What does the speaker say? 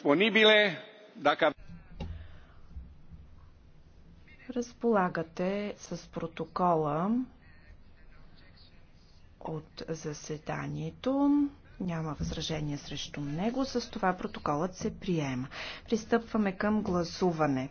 disponibile dacă Разполагате с протокола от заседанието. Няма възражение срещу него. С това протоколът се приема. Пристъпваме към гласуване.